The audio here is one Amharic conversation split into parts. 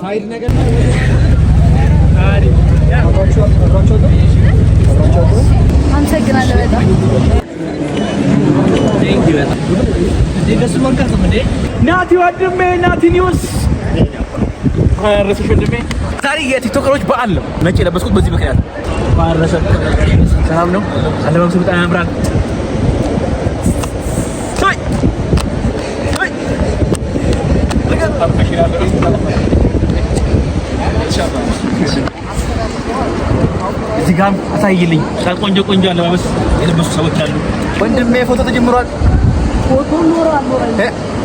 ሳይድ ነገር አመሰግናለሁ ናቲ ወንድሜ ናቲ ኒውስ ዛሬ የቲክቶከሮች በዓል ነው። ነጭ የለበስኩት በዚህ ምክንያት ባረሰ ሰላም ነው። አለባበሱ በጣም ያምራል። እዚህ ጋር አሳይልኝ። ቆንጆ ቆንጆ አለባበስ የለበሱ ሰዎች አሉ። ወንድሜ ፎቶ ተጀምሯል።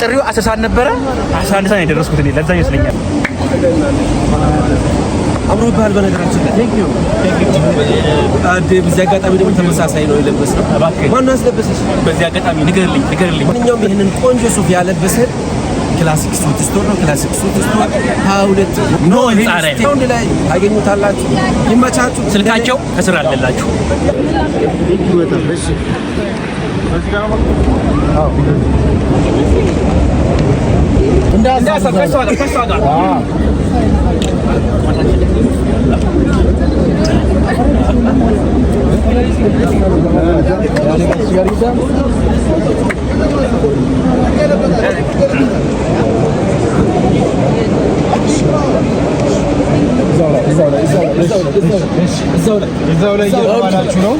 ጥሪው አስራ ሰዓት ነበረ። አስራ አንድ ሰዓት የደረስኩት እኔ ለዛ ይመስለኛል። አምሮብሃል። በነገራችን ላይ በዚህ uh, አጋጣሚ ደግሞ ተመሳሳይ ነው የለበስነው። ማነው ያስለበሰሽ? በዚህ አጋጣሚ ንገርልኝ፣ ንገርልኝ። ማንኛውም ይህንን ቆንጆ ሱፍ ያለበሰን ክላሲክ ሱት ስቶር ነው። ክላሲክ ሱት ስቶር ሁለት ኖ ህንጻ ላይ ታገኙታላችሁ። ይመቻችሁ። ስልካቸው ከስር አለላችሁ። እዛው ላይ እየተባላችሁ ነው።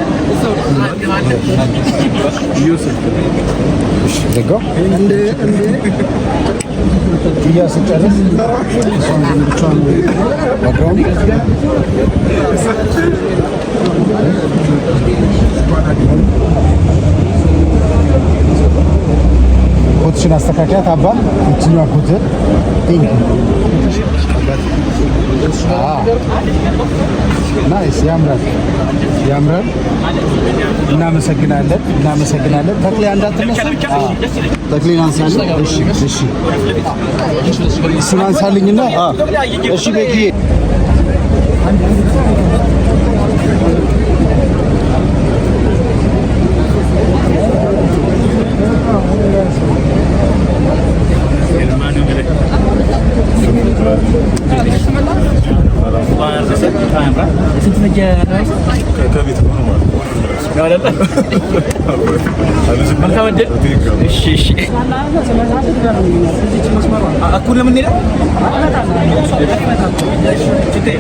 Via Sicari. Sono di Luciano Padroni. Coach Nastakakia Tabba, continua a coûter. ያለበት ናይስ፣ ያምራል፣ ያምራል። እናመሰግናለን፣ እናመሰግናለን። ተክሌ አንዳትነሳ፣ ተክሌን አንሳለን። እሺ፣ እሺ፣ እሱን አንሳልኝና እሺ ቤትዬ Aku dalam menit dah. Cerita.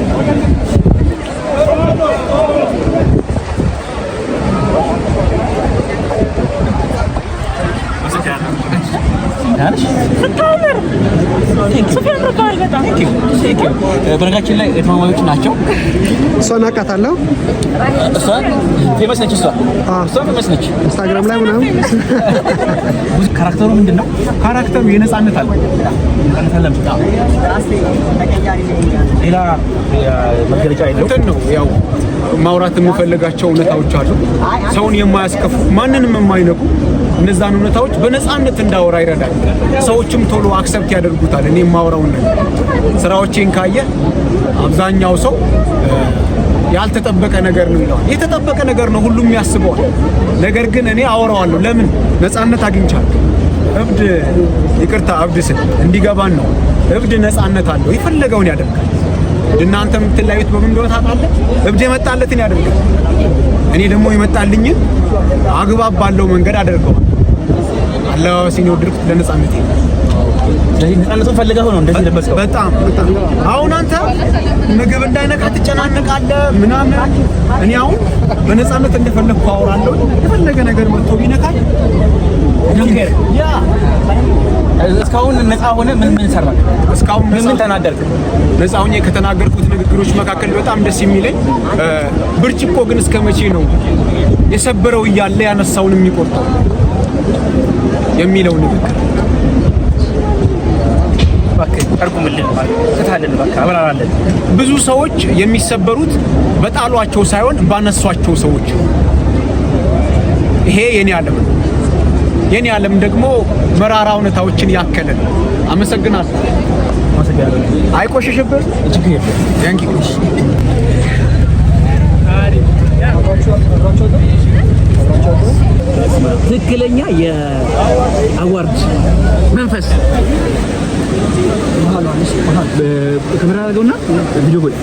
ስታምር uh, በነገራችን ላይ ኤርትራዊዎች ናቸው። እሷን አውቃታለሁ። እሷን ፌመስ ነች። እሷ ፌመስ ነች ኢንስታግራም ላይ ምናምን። ካራክተሩ ምንድን ነው? ካራክተሩ የነፃነት አለ አለም ሌላ መገለጫ የለው። ነው ያው ማውራት የምፈልጋቸው እውነታዎች አሉ። ሰውን የማያስከፉ ማንንም የማይነቁ እነዛን እውነታዎች በነፃነት እንዳወራ ይረዳል። ሰዎችም ቶሎ አክሰፕት ያደርጉታል። እኔ የማወራውን ነገር ስራዎቼን ካየ አብዛኛው ሰው ያልተጠበቀ ነገር ነው ይለዋል። የተጠበቀ ነገር ነው ሁሉም ያስበዋል። ነገር ግን እኔ አወራዋለሁ። ለምን ነፃነት አግኝቻለሁ። እብድ ይቅርታ፣ እብድ ስል እንዲገባን ነው። እብድ ነፃነት አለው፣ የፈለገውን ያደርጋል። እናንተ የምትለያዩት በምን እንደሆነ ታውቃለህ። እብድ የመጣለትን ያደርጋል። እኔ ደግሞ የመጣልኝ አግባብ ባለው መንገድ አደርገው አለባበሴን የወደድኩት ለነጻነቴ ነጻነቱን ፈልገህ ነው እንደዚህ ለበስከው። በጣም በጣም አሁን አንተ ምግብ እንዳይነካ ትጨናነቃለህ ምናምን። እኔ አሁን በነጻነት እንደፈለግኩ አወራለሁ። የፈለገ ነገር መጥቶ ቢነካል ያ እስካሁን ነፃ ሆነ ምን ምን ሰራ? እስካሁን ምን ተናደርክ? ነፃ ሆኜ ከተናገርኩት ንግግሮች መካከል በጣም ደስ የሚለኝ ብርጭቆ ግን እስከ መቼ ነው የሰበረው እያለ ያነሳውን የሚቆርጠው የሚለው ንግግር ብዙ ሰዎች የሚሰበሩት በጣሏቸው ሳይሆን ባነሷቸው ሰዎች። ይሄ የኔ ዓለም ነው። የኔ ዓለም ደግሞ መራራ እውነታዎችን ያከለ። አመሰግናለሁ። አይቆሽሽብር ትክክለኛ የአዋርድ መንፈስ ካሜራ አድርገውና ቪዲዮ ቆይ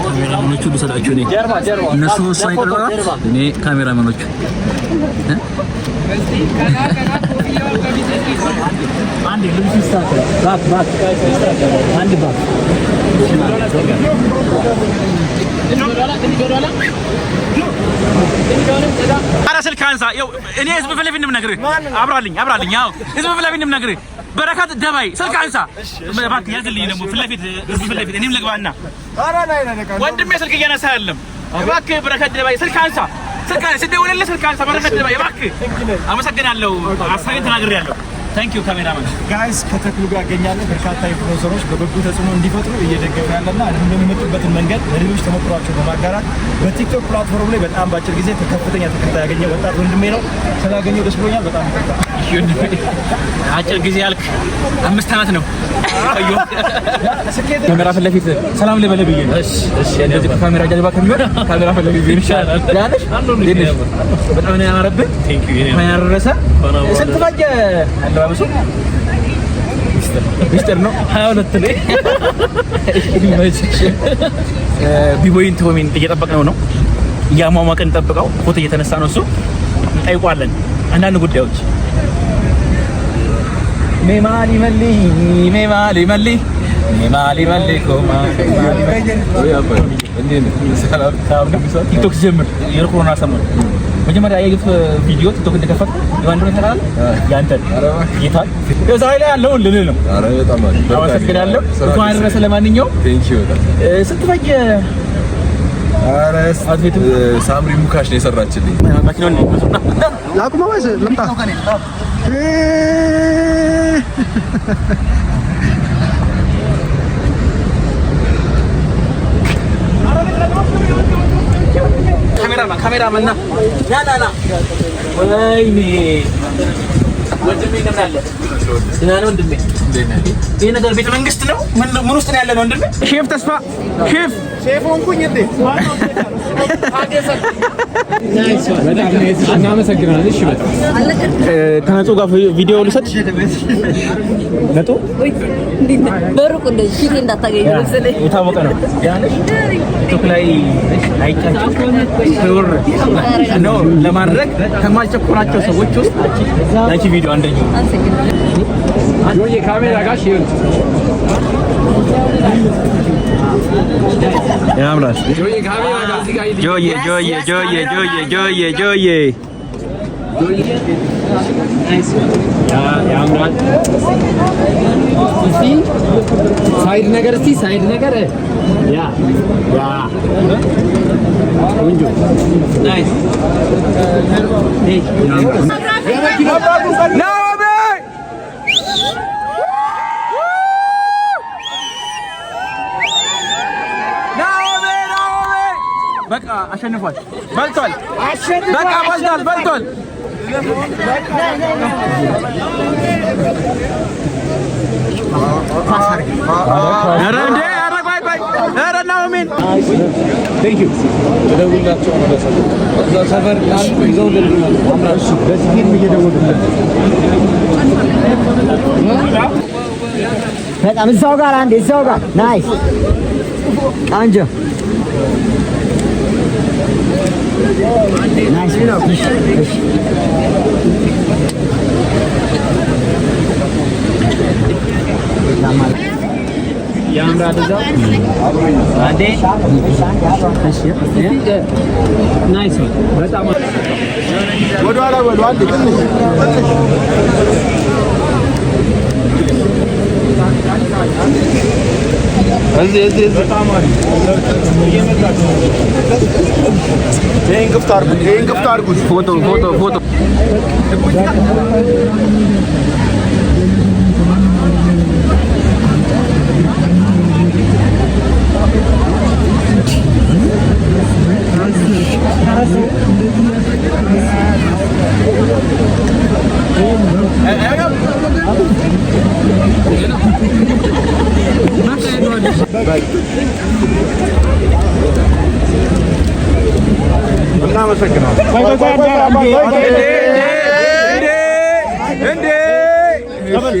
ካሜራማኖቹ ልሰጣችሁ እኔ እነሱ ሳይቀራ እኔ ካሜራማኖቹ ኧረ ስልክ አንሳ። እኔ ህዝብ ፍለፊንም ለፊት እንደምነግርህ አብራልኝ፣ አብራልኝ ህዝብ ፍለፊንም ለፊት በረከት ደባይ ስልክ አንሳ። ባት ያዝልኝ ደግሞ ፊት ለፊት እዚህ ፊት ለፊት እኔም ልግባና ወንድሜ ስልክ እያነሳ ያለም እባክህ በረከት ደባይ ስልክ አንሳ። ስልክ ስደውልልህ ስልክ አንሳ። በረከት ደባይ እባክህ። አመሰግናለሁ። አሳቢን ተናግሬያለሁ። ታንኪዩ ካሜራማን ጋይስ ከተክሉ ጋር ያገኛለሁ። በርካታ ኢንፍሉዌንሰሮች በበጎ ተጽዕኖ እንዲፈጥሩ እየደገፈ ያለና እንዲሁም ደግሞ የመጡበትን መንገድ ለሌሎች ተሞክሯቸው በማጋራት በቲክቶክ ፕላትፎርም ላይ በጣም በአጭር ጊዜ ከፍተኛ ተከታይ ያገኘ ወጣት ወንድሜ ነው። ስላገኘው ደስ ብሎኛል። በጣም አጭር ጊዜ ያልክ አምስት ዓመት ነው ካሜራ ፊት ለፊት ሰላም ልበል ብዬ ካሜራ ጀልባ ከሚሆን ካሜራ ፊት ለፊት ይሻላል። በጣም ነው ያማረብህ ያረሰ ስንት አለባበሱ ሚስጥር ነው። ሀያ ሁለት ላይ ቢቦይን ቶሚን እየጠበቅነው ነው። እያሟሟቅን ጠብቀው ፎቶ እየተነሳ ነው። እሱ ጠይቋለን አንዳንድ ጉዳዮች ሜማሊ መሊ ሜማሊ መሊ ሜማሊ መሊ ኮማ ቲክቶክ ጀምር የኮሮና ሰሞን መጀመሪያ የዩቱብ ቪዲዮ ቲክቶክ እንደከፈት የማን እንደሆነ ያንተ ጌታ ላይ ያለው ልልህ ነው። ያለው እንኳን አደረሰ። ለማንኛውም ስትፈጅ ሳምሪ ሙካሽ ነው የሰራችልኝ መኪናውን ላቁመ ካሜራማን ካሜራማን ና ና ና ና ወይኔ ወንድሜ ይሄ ነገር ቤተ መንግስት ነው። ምን ውስጥ ነው ያለ ነው ወንድሜ? ሼፍ ተስፋ ሼፍ ሼፍ ሆንኩኝ እንዴ? እናመሰግናለን። እሺ፣ በጣም ከነጹ ጋር ቪዲዮ ልሰጥ ነጡ በሩቁ ፊቴ እንዳታገኝ መሰለኝ የታወቀ ነው። ቲክቶክ ላይ አይቻቸው ነው ለማድረግ ከማስቸኮራቸው ሰዎች ውስጥ አንቺ ቪዲዮ አንደኛው ካሜራ ጋር ያምራል። ጆዬ ጆዬ ጆዬ ጆዬ ጆዬ ጆዬ ያምራል። እስኪ ሳይድ ነገር እስኪ ሳይድ ነገር ያ ያ ቆንጆ ናይስ በቃ አሸንፏል። በልቷል። በቃ በልቷል። በልቷል። በጣም እዛው ጋር አንዴ እዛው ጋር ናይስ ቃንጀ Nice fish. fish. Yang berapa tu? Ada. Fish ya. Nice one. Berapa? I do? What do I Eng iftar guz, eng iftar guz. Foto, foto, foto. Erkan, Baik. Pertama saya kenal. Baik, baik, baik, baik. Hende, hende, hende.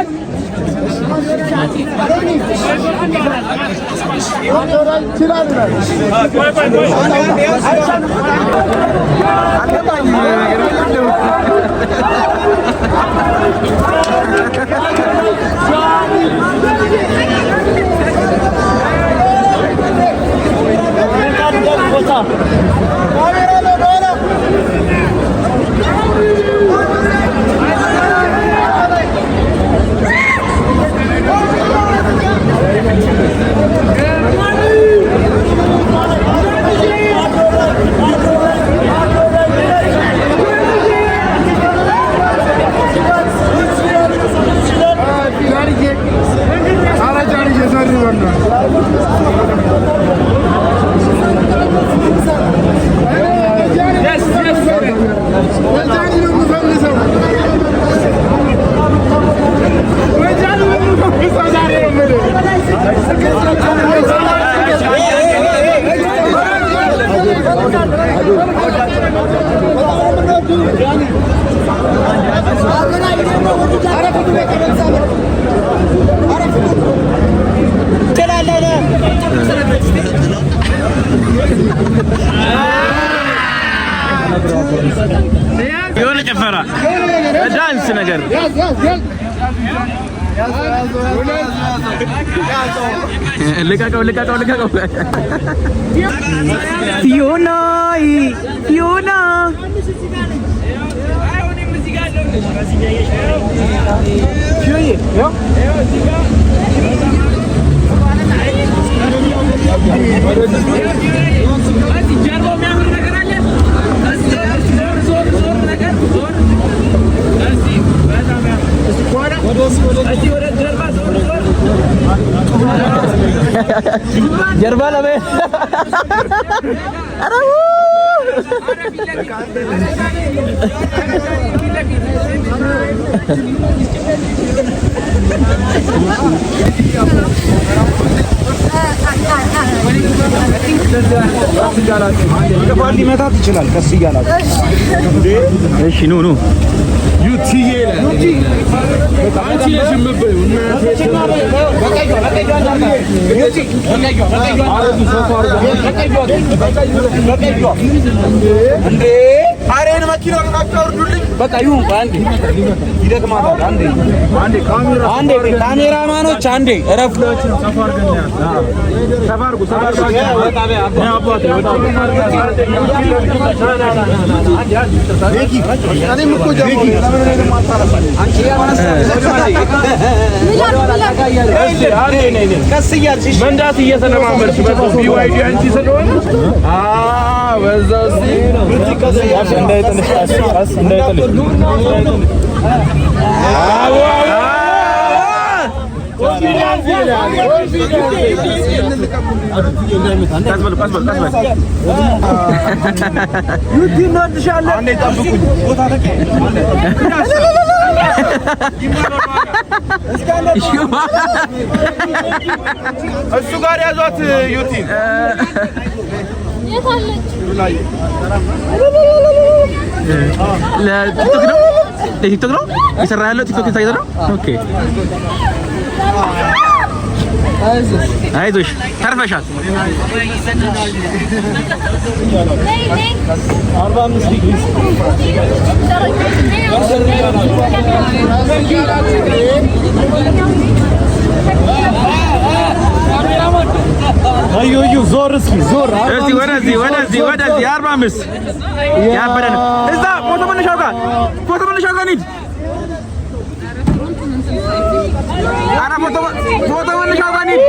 Oraya kira vermiş. Koy koy koy. Anne ben yürüyorum. Thank you. የሆነ ጭፈራ ዳንስ ነገር ልቀቀው ልቀቀው ልቀቀው። ፊዮና ፊዮና ፊዮና ጥፋት ሊመታት ይችላል። ቀስ እያላት እሺ፣ ኑ ኑ እንዴ አሬን መኪና ከታች አውርዱልኝ። በቃ ይሁን። አንዴ ይደክማታል። አንዴ አንዴ ካሜራ አንዴ ካሜራማኖች አንዴ እረፍ። መንዳት እየተለማመድሽ በዛ እንዳይጥልሽ ቀስ እንዳይጥልሽ። እሱ ጋር ያዟት ዩቲ ለቲክቶክ ነው ለቲክቶክ ነው የሰራ ያለው ቲክቶክ የታየው ነው። ኦኬ አይዞሽ ተርፈሻል። ዞር እስኪ ዞር እስኪ ወደዚህ ወደዚህ ወደዚህ አርባ አምስት ያበደን እዛ ፎቶ መነሻው ጋር ፎቶ መነሻው ጋር እንሂድ። ኧረ ፎቶ መነሻው ጋር እንሂድ።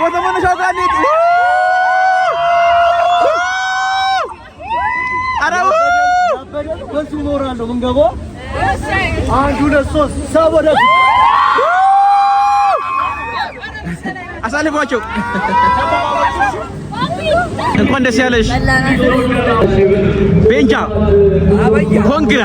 ፎቶ መነሻው ጋር እንሂድ። ኧረ በሱ እኖራለሁ ምን ገባሁ አንድ ሁለት ሦስት ሰው ወደ አሳልፏቸው። እንኳን ደስ ያለሽ ቤንጃ ኮንግራ